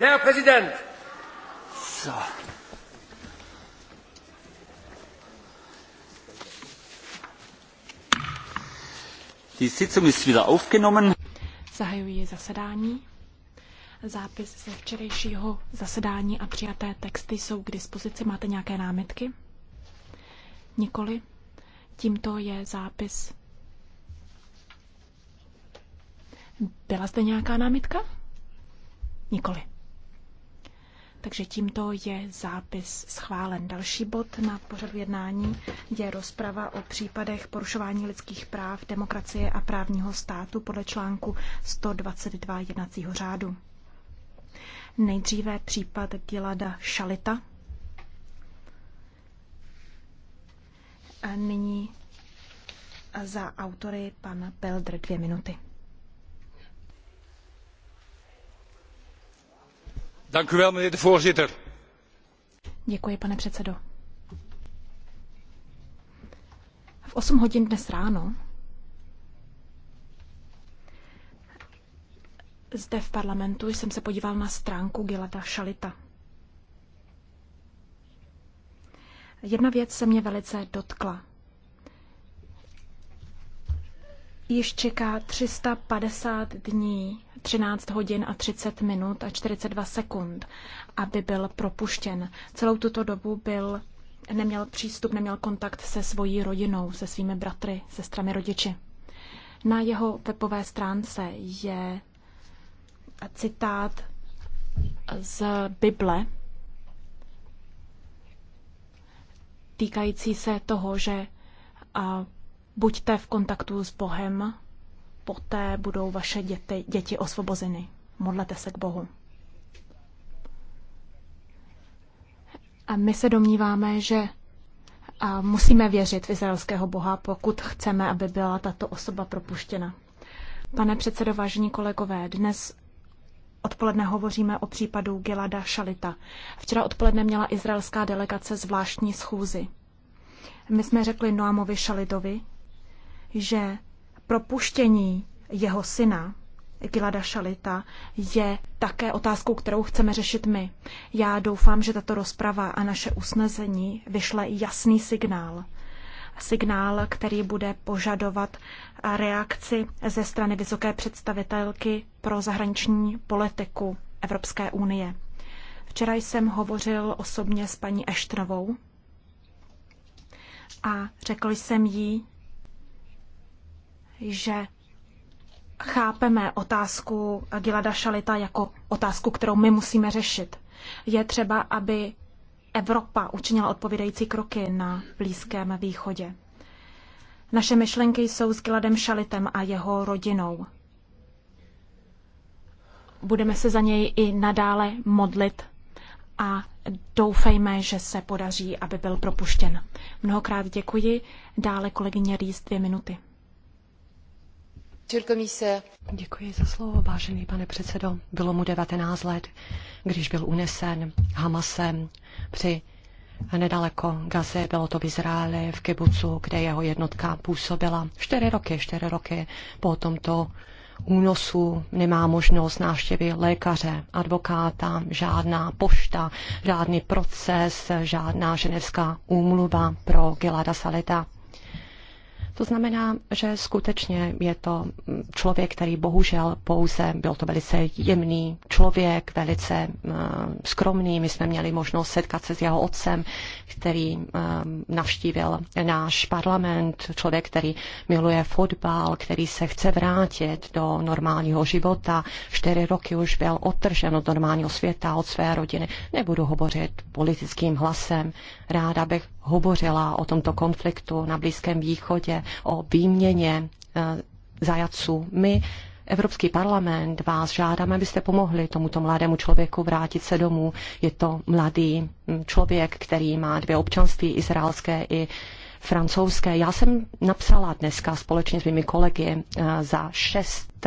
Herr Präsident! So. Die Sitzung ist wieder aufgenommen. Zahajuji zasedání. Zápis ze včerejšího zasedání a přijaté texty jsou k dispozici. Máte nějaké námitky? Nikoli. Tímto je zápis. Byla zde nějaká námitka? Nikoli. Takže tímto je zápis schválen. Další bod na pořadu jednání je rozprava o případech porušování lidských práv, demokracie a právního státu podle článku 122 jednacího řádu. Nejdříve případ Gilada Šalita. A nyní za autory pan Belder dvě minuty. Děkuji, pane předsedo. V 8 hodin dnes ráno zde v parlamentu jsem se podíval na stránku Gilada Šalita. Jedna věc se mě velice dotkla. již čeká 350 dní, 13 hodin a 30 minut a 42 sekund, aby byl propuštěn. Celou tuto dobu byl neměl přístup, neměl kontakt se svojí rodinou, se svými bratry, sestrami, rodiči. Na jeho webové stránce je citát z Bible týkající se toho, že buďte v kontaktu s Bohem, poté budou vaše děti, děti osvobozeny. Modlete se k Bohu. A my se domníváme, že a musíme věřit v izraelského Boha, pokud chceme, aby byla tato osoba propuštěna. Pane předsedo, vážení kolegové, dnes odpoledne hovoříme o případu Gilada Šalita. Včera odpoledne měla izraelská delegace zvláštní schůzi. My jsme řekli Noamovi Šalitovi, že propuštění jeho syna Gilada Šalita je také otázkou, kterou chceme řešit my. Já doufám, že tato rozprava a naše usnesení vyšle jasný signál. Signál, který bude požadovat reakci ze strany vysoké představitelky pro zahraniční politiku Evropské unie. Včera jsem hovořil osobně s paní Eštnovou a řekl jsem jí, že chápeme otázku Gilada Šalita jako otázku, kterou my musíme řešit. Je třeba, aby Evropa učinila odpovídající kroky na Blízkém východě. Naše myšlenky jsou s Giladem Šalitem a jeho rodinou. Budeme se za něj i nadále modlit a doufejme, že se podaří, aby byl propuštěn. Mnohokrát děkuji. Dále kolegyně Rýs dvě minuty. Děkuji za slovo, vážený pane předsedo. Bylo mu 19 let, když byl unesen Hamasem při nedaleko Gaze, bylo to v Izraeli, v Kibucu, kde jeho jednotka působila. Čtyři roky, čtyři roky po tomto únosu nemá možnost návštěvy lékaře, advokáta, žádná pošta, žádný proces, žádná ženevská úmluva pro Gilada Saleta. To znamená, že skutečně je to člověk, který bohužel pouze byl to velice jemný člověk, velice eh, skromný. My jsme měli možnost setkat se s jeho otcem, který eh, navštívil náš parlament, člověk, který miluje fotbal, který se chce vrátit do normálního života. Čtyři roky už byl odtržen od normálního světa, od své rodiny. Nebudu hovořit politickým hlasem. Ráda bych hovořila o tomto konfliktu na Blízkém východě, o výměně eh, zajaců. My Evropský parlament vás žádáme, abyste pomohli tomuto mladému člověku vrátit se domů. Je to mladý hm, člověk, který má dvě občanství, izraelské i francouzské. Já jsem napsala dneska společně s mými kolegy eh, za šest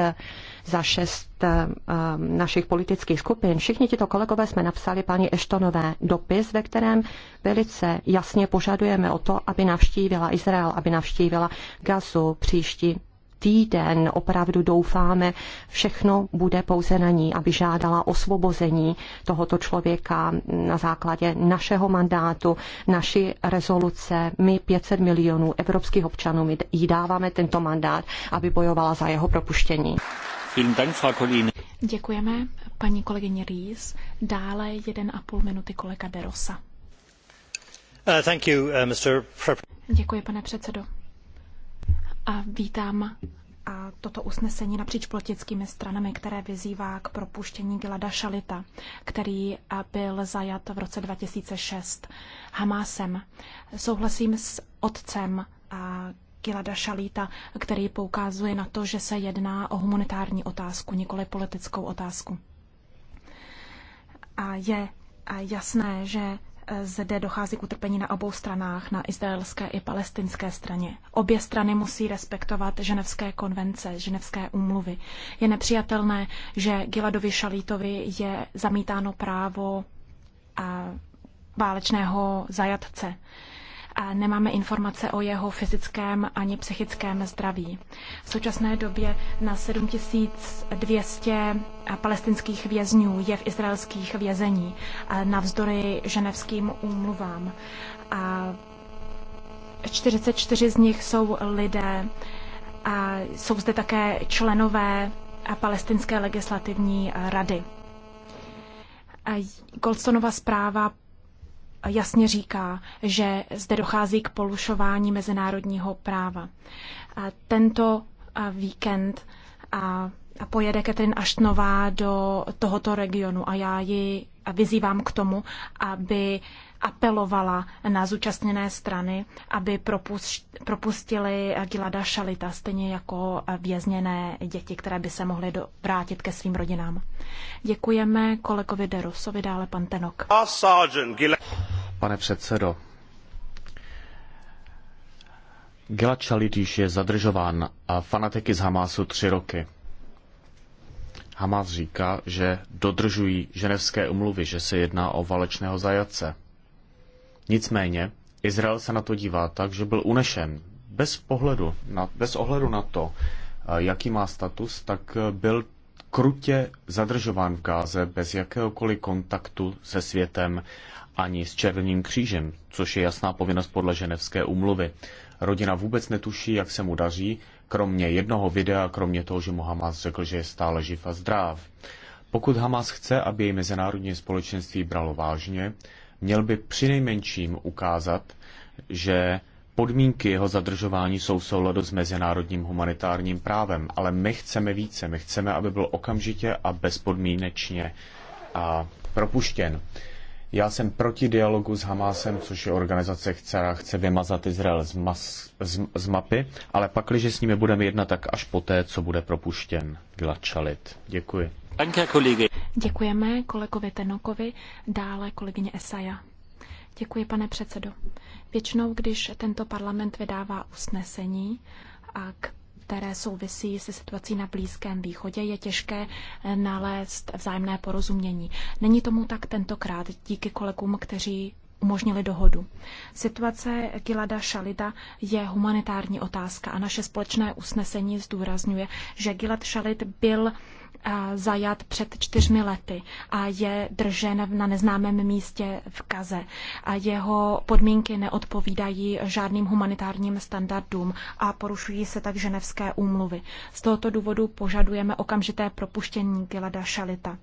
za šest eh, eh, našich politických skupin. Všichni tito kolegové jsme napsali paní Eštonové dopis, ve kterém velice jasně požadujeme o to, aby navštívila Izrael, aby navštívila Gazu příští týden. Opravdu doufáme, všechno bude pouze na ní, aby žádala osvobození tohoto člověka na základě našeho mandátu, naší rezoluce. My 500 milionů evropských občanů jí dáváme tento mandát, aby bojovala za jeho propuštění. Děkujeme, paní kolegyně Rees. Dále jeden a půl minuty kolega Derosa. Uh, thank you, uh, Mr. Děkuji, pane předsedo. A vítám a toto usnesení napříč politickými stranami, které vyzývá k propuštění Gilada Šalita, který byl zajat v roce 2006 Hamásem. Souhlasím s otcem Gilada Šalíta, který poukazuje na to, že se jedná o humanitární otázku, nikoli politickou otázku. A je jasné, že zde dochází k utrpení na obou stranách, na izraelské i palestinské straně. Obě strany musí respektovat ženevské konvence, ženevské úmluvy. Je nepřijatelné, že Giladovi Šalítovi je zamítáno právo a válečného zajatce nemáme informace o jeho fyzickém ani psychickém zdraví. V současné době na 7200 palestinských vězňů je v izraelských vězení navzdory ženevským úmluvám. 44 z nich jsou lidé, a jsou zde také členové palestinské legislativní rady. Goldstonova zpráva jasně říká, že zde dochází k porušování mezinárodního práva. Tento víkend pojede Catherine Aštnová do tohoto regionu a já ji vyzývám k tomu, aby apelovala na zúčastněné strany, aby propustili Gilada Šalita, stejně jako vězněné děti, které by se mohly vrátit ke svým rodinám. Děkujeme kolegovi Derusovi, dále pan Tenok pane předsedo. Gila Chalitíš je zadržován a fanatiky z Hamásu tři roky. Hamas říká, že dodržují ženevské umluvy, že se jedná o válečného zajatce. Nicméně, Izrael se na to dívá tak, že byl unešen. Bez, pohledu, na, bez ohledu na to, jaký má status, tak byl krutě zadržován v Gáze bez jakéhokoliv kontaktu se světem ani s Červeným křížem, což je jasná povinnost podle ženevské úmluvy. Rodina vůbec netuší, jak se mu daří, kromě jednoho videa, kromě toho, že mu Hamas řekl, že je stále živ a zdráv. Pokud Hamas chce, aby jej mezinárodní společenství bralo vážně, měl by přinejmenším ukázat, že podmínky jeho zadržování jsou v souladu s mezinárodním humanitárním právem, ale my chceme více. My chceme, aby byl okamžitě a bezpodmínečně a propuštěn. Já jsem proti dialogu s Hamásem, což je organizace, která chce vymazat Izrael z, mas, z, z mapy, ale pak, když s nimi budeme jednat, tak až poté, co bude propuštěn Gilad Shalit. Děkuji. Děkujeme kolegovi Tenokovi, dále kolegyně Esaja. Děkuji, pane předsedo. Většinou, když tento parlament vydává usnesení a k které souvisí se situací na Blízkém východě, je těžké eh, nalézt vzájemné porozumění. Není tomu tak tentokrát díky kolegům, kteří umožnili dohodu. Situace Gilada Šalida je humanitární otázka a naše společné usnesení zdůrazňuje, že Gilad Šalid byl eh, zajat před čtyřmi lety a je držen na neznámém místě v Kaze. A jeho podmínky neodpovídají žádným humanitárním standardům a porušují se tak ženevské úmluvy. Z tohoto důvodu požadujeme okamžité propuštění Gilada Šalita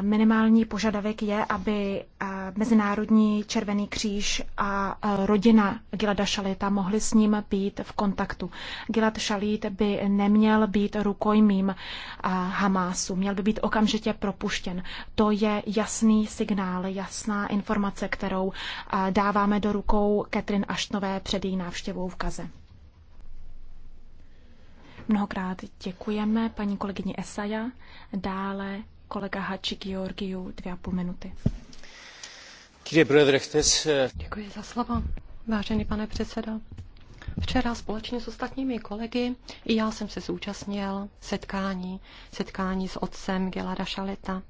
minimální požadavek je, aby eh, Mezinárodní červený kříž a eh, rodina Gilada Šalita mohly s ním být v kontaktu. Gilad Šalit by neměl být rukojmím eh, Hamásu, měl by být okamžitě propuštěn. To je jasný signál, jasná informace, kterou dáváme do rukou Katrin Aštnové před její návštěvou v Kaze. Mnohokrát děkujeme paní kolegyni Esaja. Dále kolega Hači Georgiu dvě a půl minuty. Děkuji za slovo, vážený pane předsedo. Včera společně s ostatními kolegy i já jsem se zúčastnil setkání, setkání s otcem Gelada Šaleta.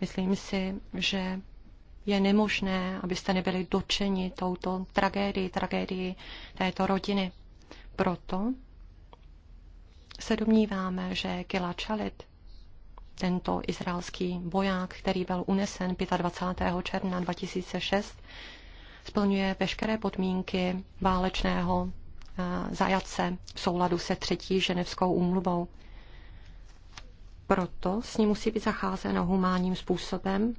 Myslím si, že je nemožné, abyste nebyli dočeni touto tragédii, tragédii této rodiny. Proto se domníváme, že Gila Chalit tento izraelský voják, který byl unesen 25. června 2006, splňuje veškeré podmínky válečného eh, zajatce v souladu se třetí ženevskou úmluvou. Proto s ním musí být zacházeno humánním způsobem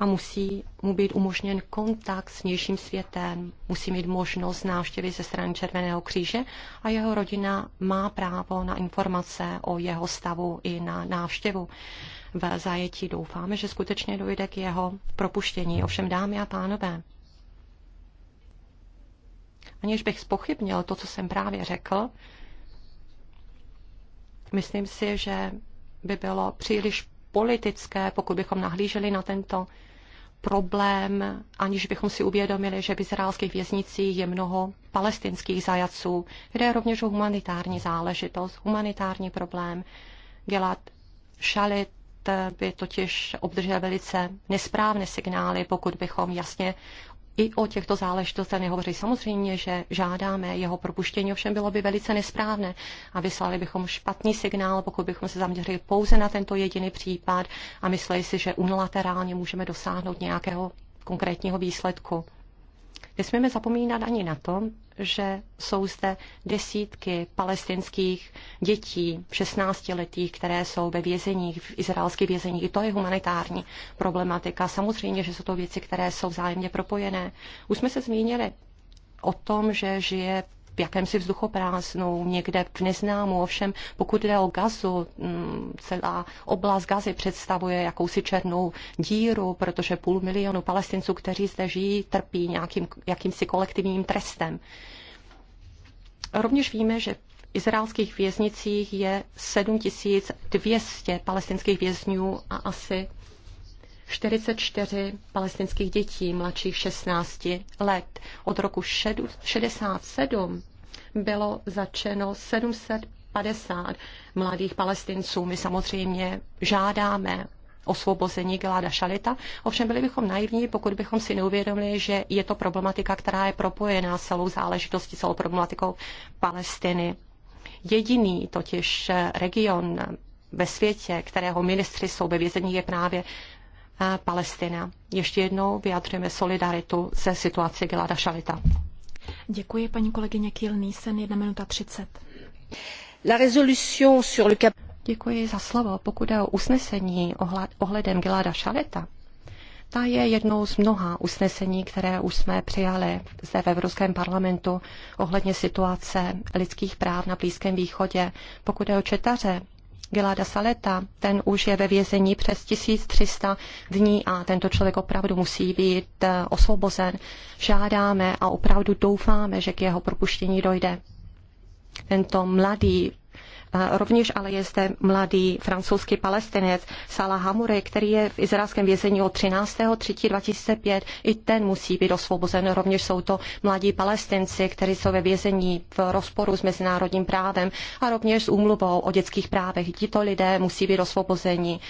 a musí mu být umožněn kontakt s nějším světem, musí mít možnost návštěvy ze strany Červeného kříže a jeho rodina má právo na informace o jeho stavu i na návštěvu. V zajetí doufáme, že skutečně dojde k jeho propuštění. Ovšem, dámy a pánové, aniž bych spochybnil to, co jsem právě řekl, myslím si, že by bylo příliš politické, pokud bychom nahlíželi na tento problém, aniž bychom si uvědomili, že v izraelských věznicích je mnoho palestinských zajaců, kde je rovněž humanitární záležitost, humanitární problém. Gelat Šalit by totiž obdržel velice nesprávné signály, pokud bychom jasně i o těchto záležitostech nehovoří. Samozřejmě, že žádáme jeho propuštění, ovšem bylo by velice nesprávné a vyslali bychom špatný signál, pokud bychom se zaměřili pouze na tento jediný případ a mysleli si, že unilaterálně můžeme dosáhnout nějakého konkrétního výsledku. Nesmíme zapomínat ani na to, že jsou zde desítky palestinských dětí, 16-letých, které jsou ve vězeních, v izraelských vězeních. I to je humanitární problematika. Samozřejmě, že jsou to věci, které jsou vzájemně propojené. Už jsme se zmínili o tom, že žije jakémsi vzduchoprázdnou, někde v neznámu. Ovšem, pokud jde o gazu, mm, celá oblast gazy představuje jakousi černou díru, protože půl milionu palestinců, kteří zde žijí, trpí nějakým, jakýmsi kolektivním trestem. Rovněž víme, že izraelských věznicích je 7200 palestinských vězňů a asi 44 palestinských dětí mladších 16 let. Od roku 67 bylo začeno 750 mladých palestinců. My samozřejmě žádáme osvobození Geláda Šalita. Ovšem byli bychom naivní, pokud bychom si neuvědomili, že je to problematika, která je propojená s celou záležitostí, celou problematikou Palestiny. Jediný totiž region ve světě, kterého ministři jsou ve vězení, je právě Palestina. Ještě jednou vyjadřujeme solidaritu se situací Gilada Šalita. Děkuji, paní kolegyně Kiel Nielsen, 1 minuta 30. La résolution sur le cap... Děkuji za slovo. Pokud je o usnesení ohledem Gilada Šaleta, ta je jednou z mnoha usnesení, které už jsme přijali zde v Evropském parlamentu ohledně situace lidských práv na Blízkém východě. Pokud je o četaře, Gilada Saleta, ten už je ve vězení přes 1300 dní a tento člověk opravdu musí být eh, osvobozen. Žádáme a opravdu doufáme, že k jeho propuštění dojde. Tento mladý Rovněž ale je zde mladý francouzský palestinec Salah Hamure, který je v izraelském vězení od 13. 3. 2005. I ten musí být osvobozen. Rovněž jsou to mladí palestinci, kteří jsou ve vězení v rozporu s mezinárodním právem a rovněž s úmluvou o dětských právech. Tito lidé musí být osvobozeni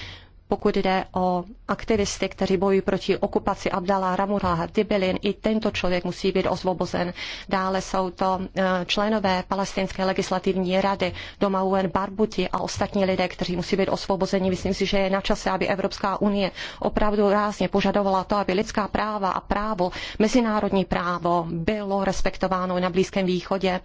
pokud jde o aktivisty, kteří bojují proti okupaci Abdala Ramura Dibilin, i tento člověk musí být osvobozen. Dále jsou to eh, členové palestinské legislativní rady doma UN Barbuti a ostatní lidé, kteří musí být osvobozeni. Myslím si, že je na čase, aby Evropská unie opravdu rázně požadovala to, aby lidská práva a právo, mezinárodní právo bylo respektováno na Blízkém východě.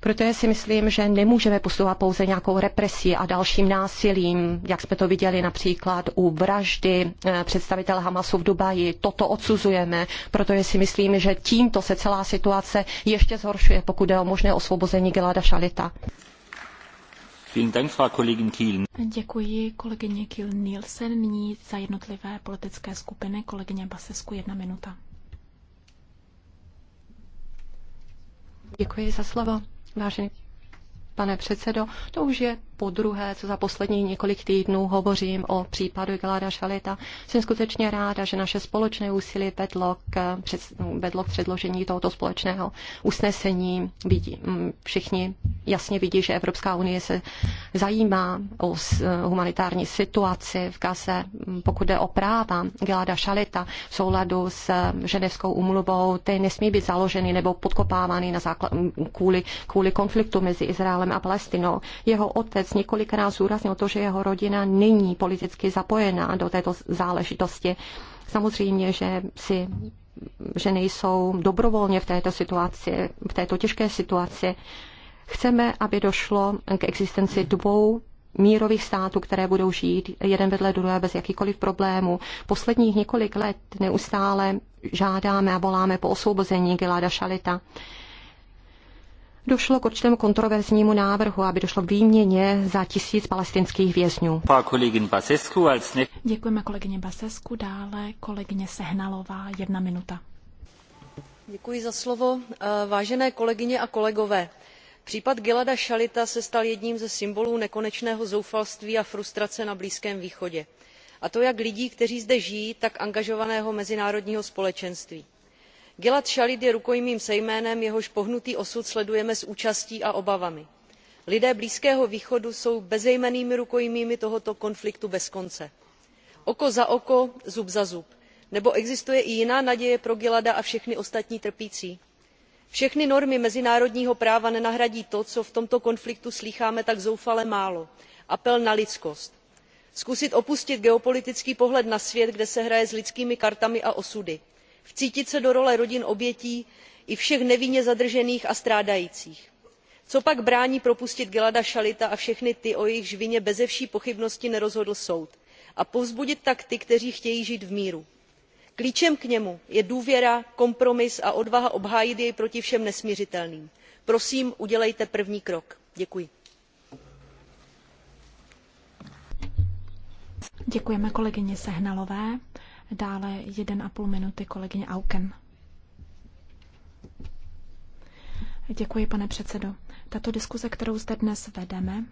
Proto si myslím, že nemůžeme postupovat pouze nějakou represí a dalším násilím, jak jsme to viděli například u vraždy eh, představitele Hamasu v Dubaji. Toto odsuzujeme, protože si myslím, že tímto se celá situace ještě zhoršuje, pokud jde o možné osvobození Gelada Šalita. Děkuji kolegyně Kiel Nielsen. Nyní za jednotlivé politické skupiny kolegyně Basesku jedna minuta. Děkuji za slovo. Vážený pane předsedo, to už je po druhé, co za poslední několik týdnů hovořím o případu Gláda Šalita. Jsem skutečně ráda, že naše společné úsilí vedlo k, vedlo k předložení tohoto společného usnesení. Vidí, všichni jasně vidí, že Evropská unie se zajímá o eh, humanitární situaci v Gaze, mm, pokud jde o práva Gilada Šalita v souladu s eh, ženevskou umluvou, ty nesmí být založeny nebo podkopávány na základ, kvůli, kvůli konfliktu mezi Izraelem a Palestinou. Jeho otec několikrát zúraznil to, že jeho rodina není politicky zapojená do této záležitosti. Samozřejmě, že si že nejsou dobrovolně v této situaci, v této těžké situaci. Chceme, aby došlo k existenci dvou mírových států, které budou žít jeden vedle druhé bez jakýkoliv problémů. Posledních několik let neustále žádáme a voláme po osvobození Giláda Šalita. Došlo k určitému kontroverznímu návrhu, aby došlo k výměně za tisíc palestinských vězňů. Děkujeme kolegyně Basesku, dále kolegyně Sehnalová, jedna minuta. Děkuji za slovo. Eh, vážené kolegyně a kolegové, případ gilada šalita se stal jedním ze symbolů nekonečného zoufalství a frustrace na blízkém východě a to jak lidí kteří zde žijí tak angažovaného mezinárodního společenství. gilad šalit je rukojmím se jménem jehož pohnutý osud sledujeme s účastí a obavami. lidé blízkého východu jsou bezejmennými rukojmími tohoto konfliktu bez konce. oko za oko zub za zub nebo existuje i jiná naděje pro gilada a všechny ostatní trpící? všechny normy mezinárodního práva nenahradí to co v tomto konfliktu slýcháme tak zoufale málo apel na lidskost zkusit opustit geopolitický pohled na svět kde se hraje s lidskými kartami a osudy vcítit se do role rodin obětí i všech nevinně zadržených a strádajících. co pak brání propustit gilada šalita a všechny ty o jejichž vině beze vší pochybnosti nerozhodl soud a povzbudit tak ty kteří chtějí žít v míru? klíčem k němu je důvěra kompromis a odvaha obhájit jej proti všem nesmiřitelným. prosím udělejte první krok. děkuji. Děkujeme kolegyni Sehnalové. Dále jeden a půl minuty kolegyně Auken. Děkuji, pane předsedo. Tato diskuze, kterou zde dnes vedeme,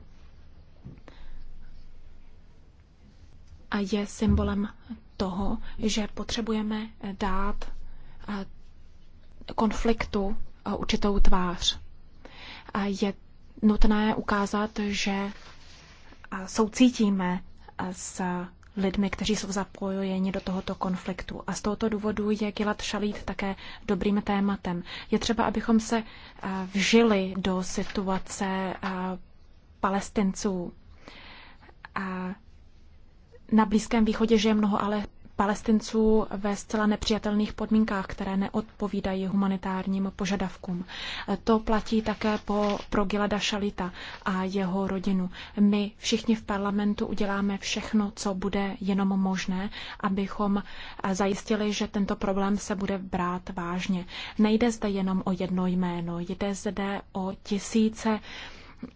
a je symbolem toho, že potřebujeme eh, dát eh, konfliktu eh, určitou tvář. Je nutné ukázat, že soucítíme s lidmi, kteří jsou zapojeni do tohoto konfliktu. A z tohoto důvodu je Gilad Šalít také dobrým tématem. Je třeba, abychom se vžili do situace palestinců. A na Blízkém východě žije mnoho ale palestinců ve zcela nepřijatelných podmínkách, které neodpovídají humanitárním požadavkům. To platí také po, pro Gilada Šalita a jeho rodinu. My všichni v parlamentu uděláme všechno, co bude jenom možné, abychom zajistili, že tento problém se bude brát vážně. Nejde zde jenom o jedno jméno, jde zde o tisíce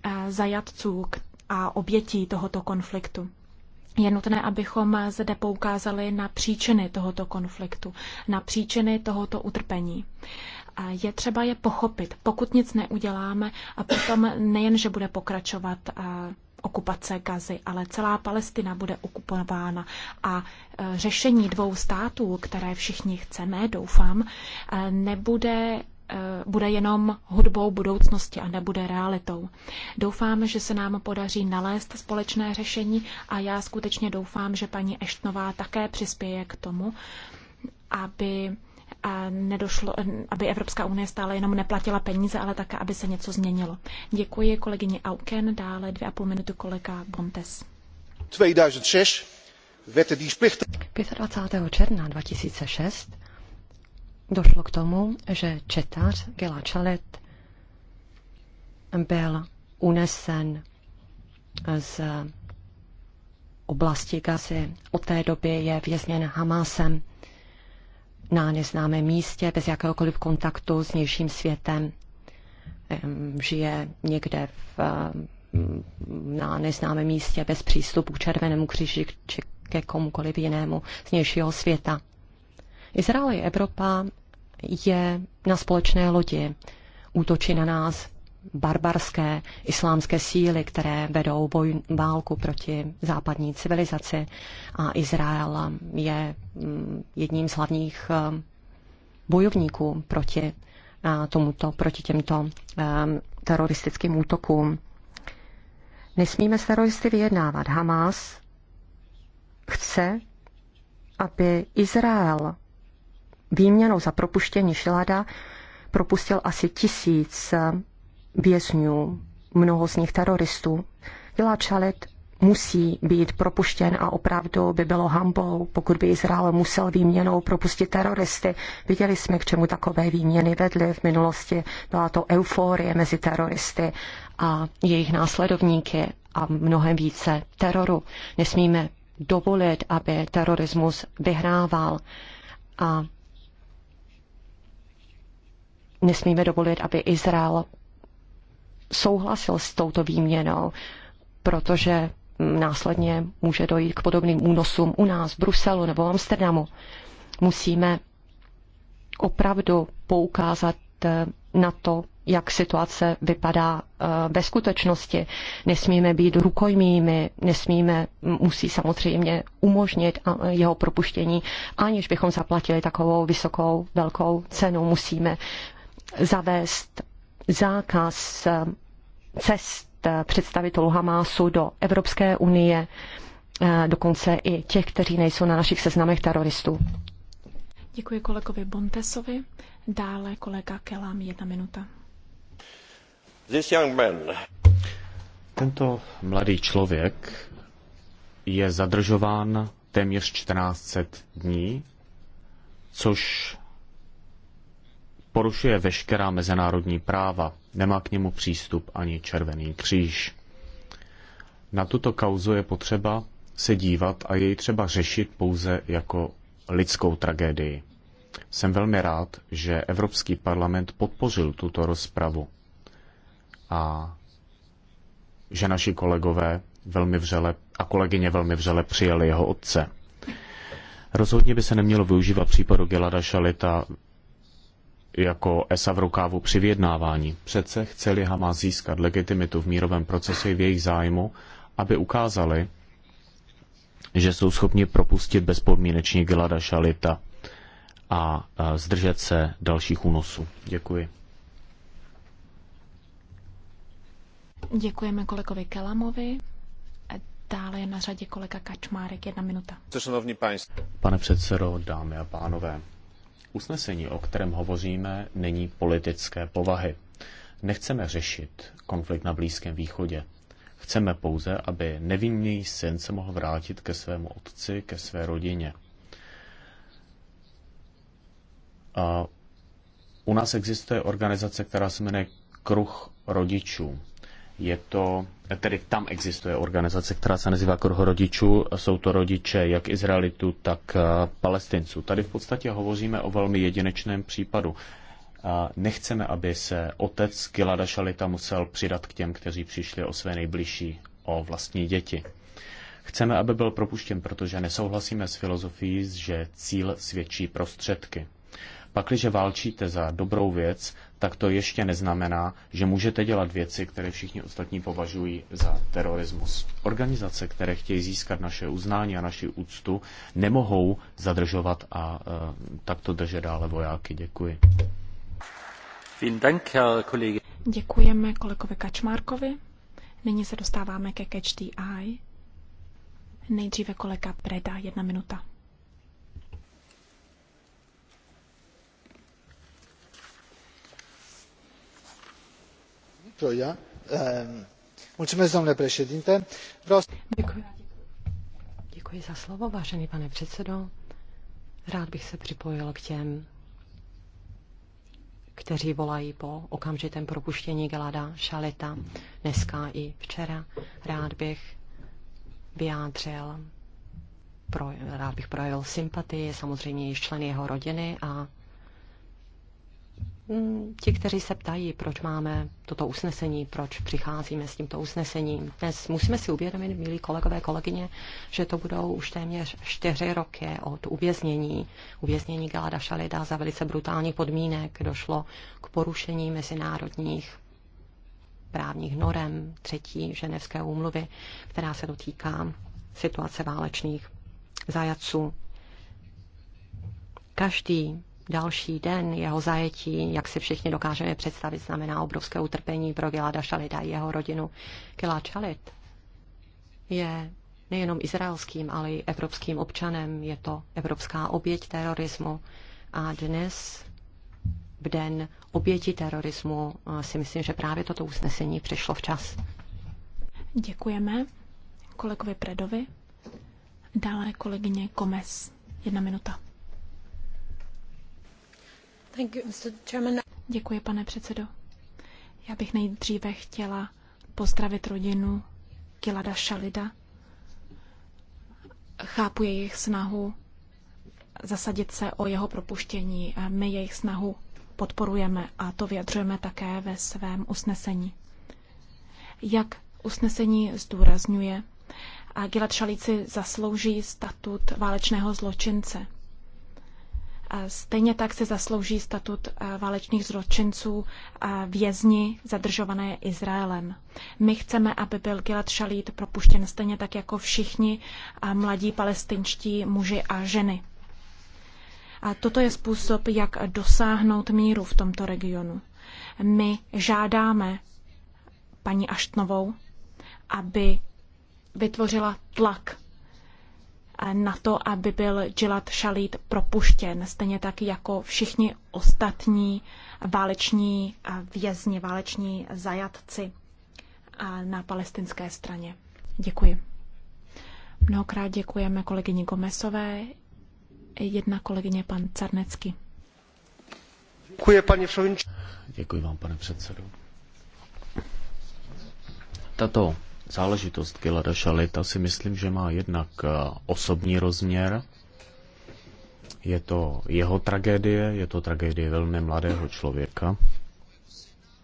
eh, zajatců a obětí tohoto konfliktu. Je nutné, abychom zde poukázali na příčiny tohoto konfliktu, na příčiny tohoto utrpení. Je třeba je pochopit. Pokud nic neuděláme, a potom nejen, že bude pokračovat okupace Gazy, ale celá Palestina bude okupována. A e, řešení dvou států, které všichni chceme, doufám, e, nebude Eh, bude jenom hudbou budoucnosti a nebude realitou. Doufám, že se nám podaří nalézt společné řešení a já skutečně doufám, že paní Eštnová také přispěje k tomu, aby eh, nedošlo, aby Evropská unie stále jenom neplatila peníze, ale také, aby se něco změnilo. Děkuji kolegyni Auken, dále dvě a půl minuty kolega Bontes. 2006 25. června 2006 došlo k tomu, že četář Gela Chalet byl unesen z oblasti Gazy. Od té doby je vězněn Hamásem na neznámém místě, bez jakéhokoliv kontaktu s vnějším světem. Žije někde v, mm, na neznámém místě bez přístupu k Červenému kříži či ke komukoliv jinému z vnějšího světa. Izrael i Evropa je na společné lodi. Útočí na nás barbarské islámské síly, které vedou boj, válku proti západní civilizaci. A Izrael je mm, jedním z hlavních mm, bojovníků proti tomuto, proti těmto mm, teroristickým útokům. Nesmíme s teroristy vyjednávat. Hamas chce, aby Izrael výměnou za propuštění Šilada propustil asi tisíc eh, vězňů, mnoho z nich teroristů. Gilad Čalit musí být propuštěn a opravdu by bylo hambou, pokud by Izrael musel výměnou propustit teroristy. Viděli jsme, k čemu takové výměny vedly v minulosti. Byla to euforie mezi teroristy a jejich následovníky a mnohem více teroru. Nesmíme dovolit, aby terorismus vyhrával a nesmíme dovolit, aby Izrael souhlasil s touto výměnou, protože následně může dojít k podobným únosům u nás v Bruselu nebo v Amsterdamu. Musíme opravdu poukázat eh, na to, jak situace vypadá eh, ve skutečnosti. Nesmíme být rukojmými, nesmíme, musí samozřejmě umožnit eh, jeho propuštění, aniž bychom zaplatili takovou vysokou, velkou cenu. Musíme zavést zákaz eh, cest eh, představitelů Hamásu do Evropské unie, eh, dokonce i těch, kteří nejsou na našich seznamech teroristů. Děkuji kolegovi Bontesovi. Dále kolega Kelám, jedna minuta. This young man. Tento mladý člověk je zadržován téměř 1400 dní, což porušuje veškerá mezinárodní práva. Nemá k němu přístup ani Červený kříž. Na tuto kauzu je potřeba se dívat a jej třeba řešit pouze jako lidskou tragédii. Jsem velmi rád, že Evropský parlament podpořil tuto rozpravu a že naši kolegové velmi vřele a kolegyně velmi vřele přijali jeho otce. Rozhodně by se nemělo využívat případu Gelada Šalita jako ESA v rukávu při vyjednávání. Přece chceli Hamas získat legitimitu v mírovém procesu i v jejich zájmu, aby ukázali, že jsou schopni propustit bezpodmínečně Gilada Šalita a zdržet se dalších únosů. Děkuji. Děkujeme kolegovi Kelamovi. Dále je na řadě kolega Kačmárek, jedna minuta. Pane předsedo, dámy a pánové, Usnesení, o kterém hovoříme, není politické povahy. Nechceme řešit konflikt na Blízkém východě. Chceme pouze, aby nevinný syn se mohl vrátit ke svému otci, ke své rodině. A u nás existuje organizace, která se jmenuje Kruh rodičů. Je to tedy tam existuje organizace, která se nazývá Kruho rodičů. Jsou to rodiče jak Izraelitu, tak eh, Palestinců. Tady v podstatě hovoříme o velmi jedinečném případu. Eh, nechceme, aby se otec Gilada Šalita musel přidat k těm, kteří přišli o své nejbližší, o vlastní děti. Chceme, aby byl propuštěn, protože nesouhlasíme s filozofií, že cíl svědčí prostředky. Pakliže válčíte za dobrou věc, tak to ještě neznamená, že můžete dělat věci, které všichni ostatní považují za terorismus. Organizace, které chtějí získat naše uznání a naši úctu, nemohou zadržovat a e, takto držet dále vojáky. Děkuji. Děkujeme kolegovi Kačmárkovi. Nyní se dostáváme ke Catch the Eye. Nejdříve kolega Preda, jedna minuta. Ehm, Děkuji. za slovo, vážený pane předsedo. Rád bych se připojil k těm, kteří volají po okamžitém propuštění Gelada Šalita dneska i včera. Rád bych vyjádřil, pro, rád bych projevil sympatii samozřejmě i členy jeho rodiny a ti, kteří se ptají, proč máme toto usnesení, proč přicházíme s tímto usnesením. Dnes musíme si uvědomit, milí kolegové, kolegyně, že to budou už téměř čtyři roky od uvěznění. Uvěznění Galada Šalida za velice brutálních podmínek došlo k porušení mezinárodních právních norem třetí ženevské úmluvy, která se dotýká situace válečných zajaců. Každý další den jeho zajetí, jak si všichni dokážeme představit, znamená obrovské utrpení pro Gilada Šalida a jeho rodinu. Gilad Šalit je nejenom izraelským, ale i evropským občanem. Je to evropská oběť terorismu. A dnes, v den oběti terorismu, eh, si myslím, že právě toto usnesení přišlo včas. Děkujeme kolegovi Predovi. Dále kolegyně Komes. Jedna minuta. Děkuji, pane předsedo. Já bych nejdříve chtěla pozdravit rodinu Kilada Šalida. Chápu jejich snahu zasadit se o jeho propuštění. My jejich snahu podporujeme a to vyjadřujeme také ve svém usnesení. Jak usnesení zdůrazňuje, Gilad Šalíci zaslouží statut válečného zločince – Stejně tak se zaslouží statut eh, válečných zločinců vězni zadržované Izraelem. My chceme, aby byl Gilad Shalit propuštěn stejně tak jako všichni mladí palestinští muži a ženy. A toto je způsob, jak dosáhnout míru v tomto regionu. My žádáme paní Aštnovou, aby vytvořila tlak na to, aby byl Džilat Šalít propuštěn, stejně tak jako všichni ostatní váleční vězni, váleční zajatci na palestinské straně. Děkuji. Mnohokrát děkujeme kolegyni Gomesové, jedna kolegyně pan Carnecky. Děkuji, paní Děkuji vám, pane předsedo. Tato záležitost Gilada Šalita si myslím, že má jednak eh, osobní rozměr, je to jeho tragédie, je to tragédie velmi mladého člověka,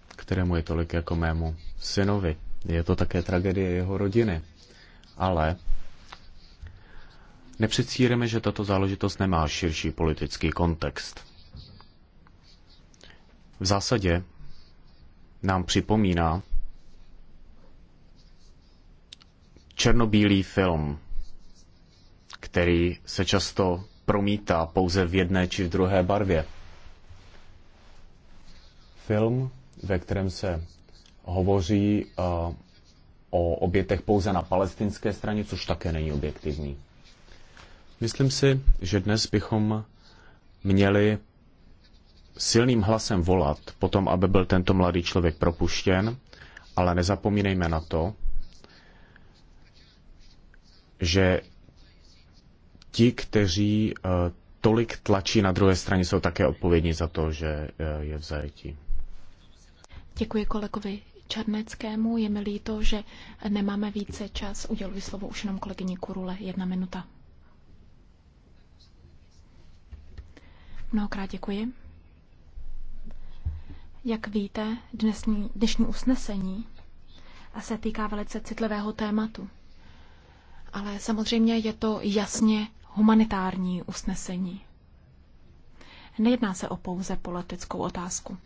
kterému je tolik jako mému synovi. Je to také tragédie jeho rodiny. Ale nepředstíráme, že tato záležitost nemá širší politický kontext. V zásadě nám připomíná černobílý film, který se často promítá pouze v jedné či v druhé barvě. Film, ve kterém se hovoří uh, o obětech pouze na palestinské straně, což také není objektivní. Myslím si, že dnes bychom měli silným hlasem volat potom, aby byl tento mladý člověk propuštěn, ale nezapomínejme na to, že ti, kteří eh, tolik tlačí na druhé straně, jsou také odpovědní za to, že eh, je v zajetí. Děkuji kolegovi Černeckému. Je mi líto, že nemáme více čas. Uděluji slovo už jenom kolegyni Kurule. Jedna minuta. Mnohokrát děkuji. Jak víte, dnesní, dnešní usnesení se týká velice citlivého tématu ale samozřejmě je to jasně humanitární usnesení. Nejedná se o pouze politickou otázku.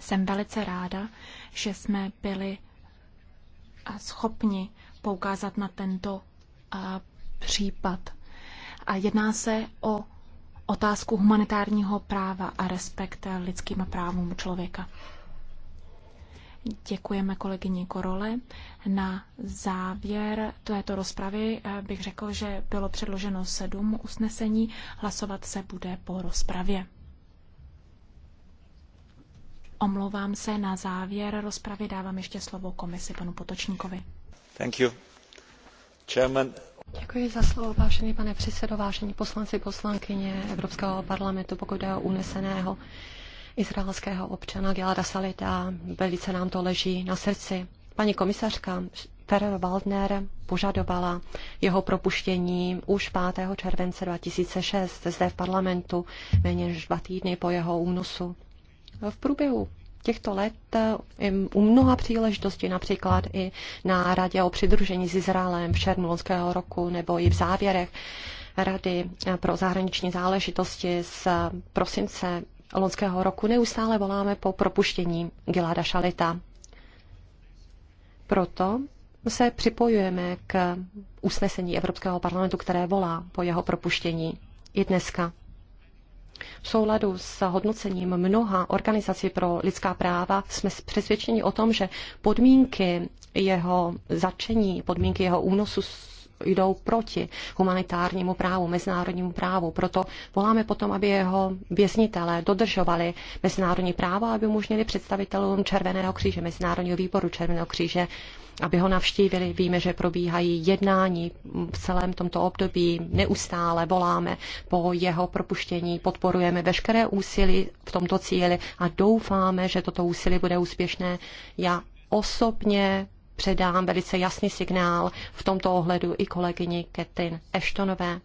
Jsem velice ráda, že jsme byli schopni poukázat na tento případ. A jedná se o otázku humanitárního práva a respekt lidským právům člověka. Děkujeme kolegyni Korole. Na závěr této rozpravy eh, bych řekl, že bylo předloženo sedm usnesení. Hlasovat se bude po rozpravě. Omlouvám se, na závěr rozpravy dávám ještě slovo komisi panu Potočníkovi. Thank you. Chairman. Děkuji za slovo, vážený pane předsedo, vážení poslanci, poslankyně Evropského parlamentu, pokud je o uneseného izraelského občana Gilada Salita. Velice nám to leží na srdci. Paní komisařka Ferrer Waldner požadovala jeho propuštění už 5. července 2006 zde v parlamentu, méně než dva týdny po jeho únosu. V průběhu těchto let u mnoha příležitostí, například i na Radě o přidružení s Izraelem v červnu loňského roku nebo i v závěrech Rady pro zahraniční záležitosti z prosince loňského roku neustále voláme po propuštění Giláda Šalita. Proto se připojujeme k usnesení Evropského parlamentu, které volá po jeho propuštění i dneska. V souladu s hodnocením mnoha organizací pro lidská práva jsme přesvědčeni o tom, že podmínky jeho začení, podmínky jeho únosu jdou proti humanitárnímu právu, mezinárodnímu právu. Proto voláme potom, aby jeho věznitelé dodržovali mezinárodní právo, aby umožnili představitelům Červeného kříže, Mezinárodního výboru Červeného kříže, aby ho navštívili. Víme, že probíhají jednání v celém tomto období. Neustále voláme po jeho propuštění, podporujeme veškeré úsilí v tomto cíli a doufáme, že toto úsilí bude úspěšné. Já osobně předám velice jasný signál v tomto ohledu i kolegyni Ketin Eštonové.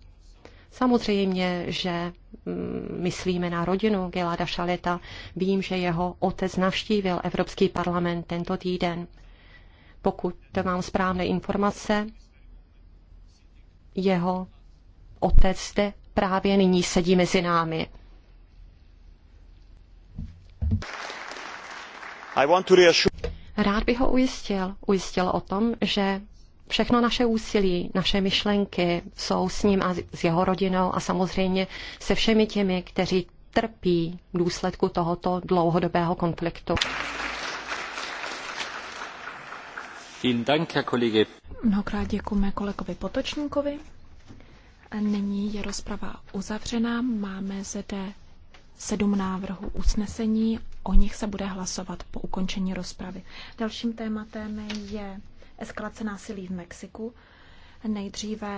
Samozřejmě, že mm, myslíme na rodinu Gelada Šaleta. Vím, že jeho otec navštívil Evropský parlament tento týden. Pokud mám správné informace, jeho otec zde právě nyní sedí mezi námi. I want to reassure... Rád bych ho ujistil. Ujistil o tom, že všechno naše úsilí, naše myšlenky jsou s ním a s jeho rodinou a samozřejmě se všemi těmi, kteří trpí v důsledku tohoto dlouhodobého konfliktu. Mnohokrát děkujeme kolegovi Potočníkovi. Nyní je rozprava uzavřená. Máme zde sedm návrhů usnesení O nich se bude hlasovat po ukončení rozpravy. Dalším tématem je eskalace násilí v Mexiku. Nejdříve